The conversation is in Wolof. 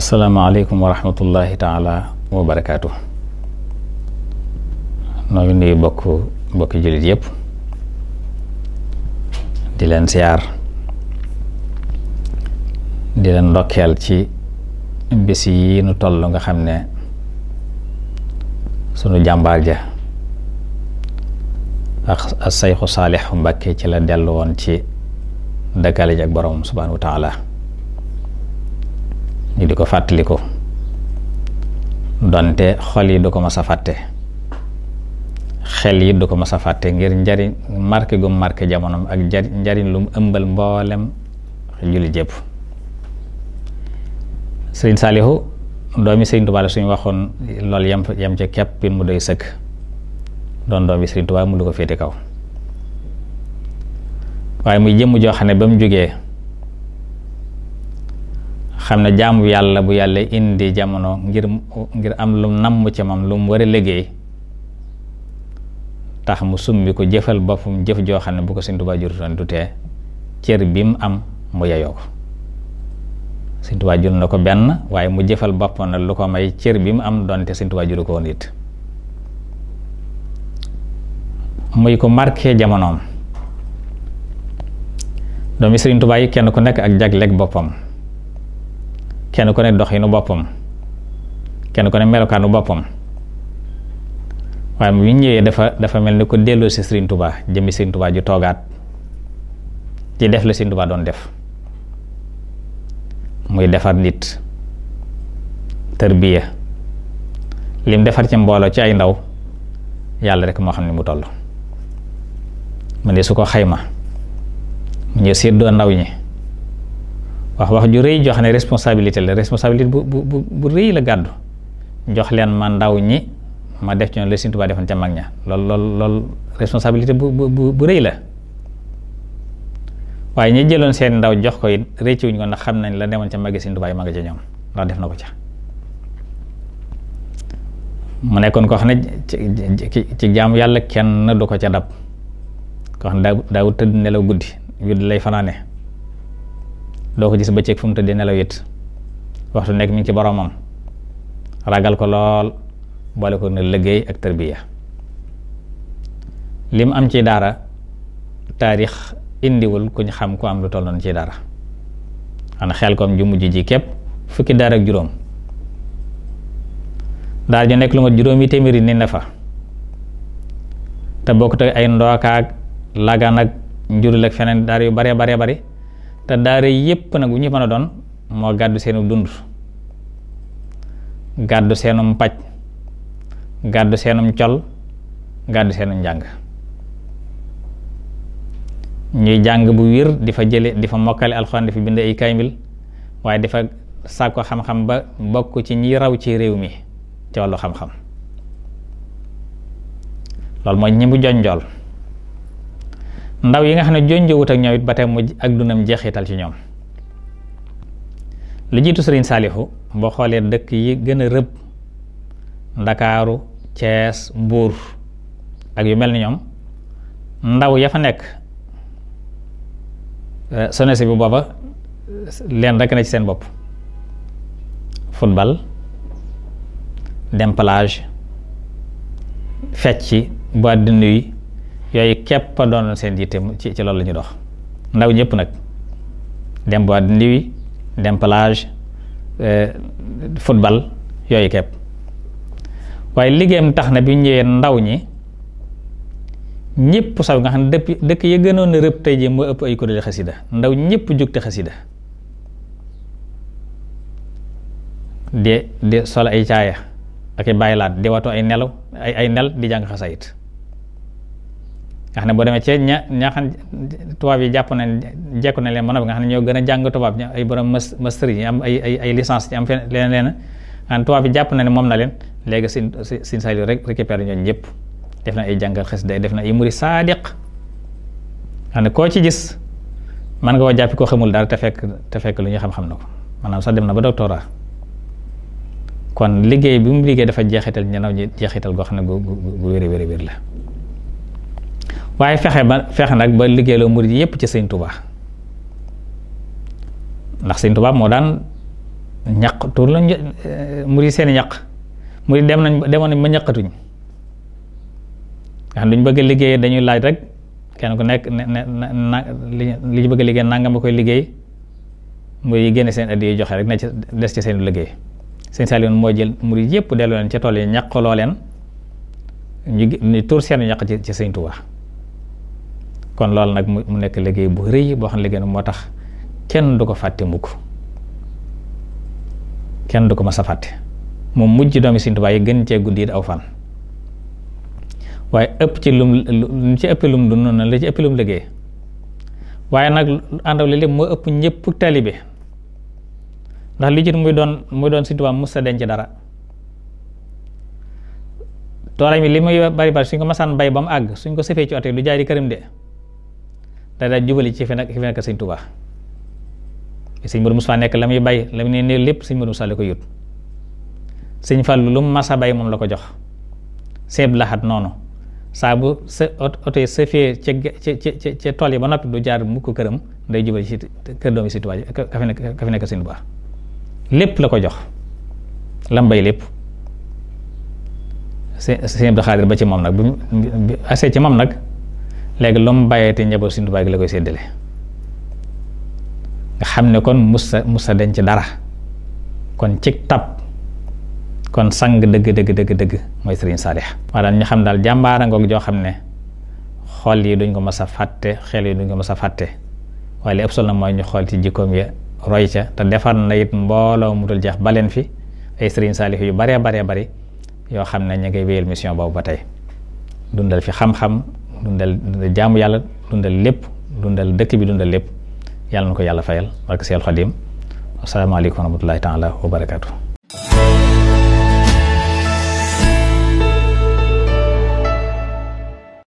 asalaamaaleykum wa rahmatullahi taala wa barakaatu noo bokk bokki yépp di leen siyaar di leen ndokkeel ci bis yi nu toll nga xam ne sunu jàmbaar ja ak sayxu saalixu Mbàkke ci la dellu woon ci dëkkale ji borom subhaanahu taala ñu di ko fàttaliku doonte xol yi du ko mas a fàtte xel yi du ko mas a fàtte ngir njariñ marqué gu marqué jamonom ak njariñ lu mu ëmbal mboolem julli jépp sëriñ Saalihu doomi sëriñ Tuubaa la suñu waxoon loolu yam yam ca képp mu doy sëkk doon yi sëriñ Tuubaa mu du ko féete kaw waaye muy jëmm joo xam ne ba mu jógee xam ne jaamu yàlla bu yàlla indi jamono ngir ngir am lum namm ci moom lu mu war a liggéey tax mu summi ko jëfal boppam jëf joo xam ne bu ko Sëñ Tuubaa jurutoon du tee bi mu am mu yeyoo ko Sëñ na ko benn waaye mu jëfal boppam lu ko may cër bi mu am donte Sëñ Tuubaa juru ko woon it muy ko marqué jamonoom doomi Sëriñ Tuubaa yi kenn ku nekk ak jagleek boppam kenn ko ne dox doxinu boppam kenn ku ne melokaanu boppam waaye bi ñu ñëwee dafa dafa mel ni ko delloo si Serigne Touba jëmmi Serigne Touba ju toogaat ci def la Serigne Touba doon def muy defar nit tërbiya lim defar ci mbooloo ci ay ndaw yàlla rekk moo xam ne mu toll mu ne su ko xayma mu ñëw séddoo ndaw ñi. wax wax ju rëy joo xam ne responsabilité la responsabilité bu bu bu rëy la gàddu jox leen ma ndaw ñi ma def ci ñoom la Sëriñ Tuubaa defoon ca mag ña lool lool lool responsabilité bu bu bu rëy la waaye ñi jëloon seen ndaw jox ko it wuñ ko ndax xam nañ la demoon ca magi Sëriñ Tuubaa ma nga ca ñoom ndax def na ko ca mu nekkoon koo xam ne ci ci jaamu yàlla kenn du ko ca dab koo xam ne daa daa tëdd nelaw guddi yu lay fanaane doo ko gis bëccëg fu mu tëddee nelaw it waxtu nekk mi ci boroomam ragal ko lool boole ko na liggéey ak tarbiya lim am ci daara taarix indiwul kuñ xam ku am lu toll noonu ci daara xanaa xel koom ju mujj ji képp fukki daara ak juróom daara ju nekk lu mat juróomi téeméeri ni ne fa te bokkut ay ndookaag lagan ak njurul ak feneen daar yu bare bare bari te daara yépp nag bu ñu mën a doon moo gàddu seenu dund gàddu seenum paj gàddu seenum col gàddu seenum njàng ñuy jàng bu wér di fa jële di fa mokkale alxuraan di bind ay kaamil waaye di fa sàkko xam-xam ba bokk ci ñi raw ci réew mi ci wàllu xam-xam loolu mooy ñi mu jonjool ndaw yi nga xam ne jonjowut ak ñoom it ba tey mu ak dunam jeexital ci ñoom lu jiitu sëriñ Saalihu boo xoolee dëkk yi gën a rëbb Ndakaaru Cees Mbuur ak yu mel ni ñoom ndaw ya fa nekk eh, sonesi bi booba leen rekk na ci seen bopp football dem plage fecc boîte de nuit yooyu képp doon seen yitte ci ci lool la ñu dox ndaw ñëpp nag dem boîte de nuit dem plage euh, football yooyu képp waaye liggéeyam tax na bi ñëwee ndaw ñi ñëpp saw nga xam ne dëpp dëkk ya gënoon a rëbb tey jii moo ëpp ay kuréeli xasida ndaw ñëpp jug te xasida de di sol ay caaya ak i bàyyilaat di watoo ay nelaw ay ay nel di jàng xasaayit nga xam ne boo demee ci ña ña xam tubaab yi jàpp nañ jekku na leen mën a nga xam ñoo gën a jàng tubaab ñu ay borom master yi am ay ay ay licence yi am fenn jàpp na ne moom na leen léegi sin sin Saliou rek récupéré ñooñ ñëpp def na ay jàngal xes day def na ay muri saadiq xam ne koo ci gis mën nga koo jàppi koo xamul daal te fekk te fekk lu ñu xam-xam na ko maanaam sax dem na ba doctorat kon liggéey bi mu liggéey dafa jeexital ñanaw ñi jeexital goo xam ne gu gu wér wér wér la waaye fexe ba fexe nag ba liggéeyloo murid yépp ci sëñ Tuubaa ndax sëñ Tuubaa moo daan ñaq tuur lañ eh, murid seeni ñaq murid dem nañ demoon nañ ba ñaqatuñ nga xam bëgg liggéey dañuy laaj rek kenn ku nekk ne na li ñu bëgg liggéey nangam ba koy liggéey muy génne seen addi joxe rek ne ci des ci seen liggéey sëñ Saliou moo jël murid yépp delloo leen ca tool yi ñaqaloo leen ñu ñu tuur seeni ñaq ci ci sëñ Tuubaa kon loolu nag mu nekk liggéey bu rëy boo xam ne liggéey moo tax kenn du ko fàtte mukk kenn du ko mas a fàtte moom mujj doomi Sëriñ Tuubaa yi gën cee guddi aw fan ëpp ci lum lu ci ëpp lum dund noonu la ci ëpp lum liggéey waaye nag ànd ak li lépp moo ëpp ñëpp taalibe ndax li ci muy doon muy doon Sëriñ Tuubaa mës a denc dara toora mi li muy bari bari suñ ko masaan bay ba mu àgg suñ ko sëfee ci oto yi du jaay di këram de da daa jubali ci fi nag fi nekk sëñ Tuubaa sëñ Modou Moussa nekk la muy bay la muy ne lépp sëñ Modou Moussa la ko yót sëñ Fallou lu mu mas bay moom la ko jox seeb laxat noonu saa bu sa oto sa ca ca ca ca tool yi ba noppi du jaar mukk këram nday jubali ci kër doomi sëñ Tuubaa ji ka fi nekk ka fi lépp la ko jox lam bay lépp sëñ Abdou Xaadir ba ci moom nag bu mu asee ci moom nag léegi lu mu bàyyee te njaboot Sëriñ Tuubaa gi la koy séddale nga xam ne kon mus sa musa musa denc dara kon cig tab kon sang dëgg dëgg dëgg dëgg mooy Sëriñ Saalix waa daal ñu xam daal jàmbaara ngoog joo xam ne xool yi duñ ko mas a fàtte xel yi duñ ko mas a fàtte waaye li ëpp solo ñu xool ci jikkoom ya roy ca te defar na it mbooloo mu dul jeex baleen fi ay Sëriñ Saalix yu baree baree bari yoo xam ne ñu ngay wéyal mission boobu ba tey dundal fi xam dundal dundal jaamu yàlla dundal lépp dundal dëkk bi dundal lépp yàlla na ko yàlla fayal barke Seex Xaadim asalaamaaleykum wa rahmatullahi taala wa barakaatu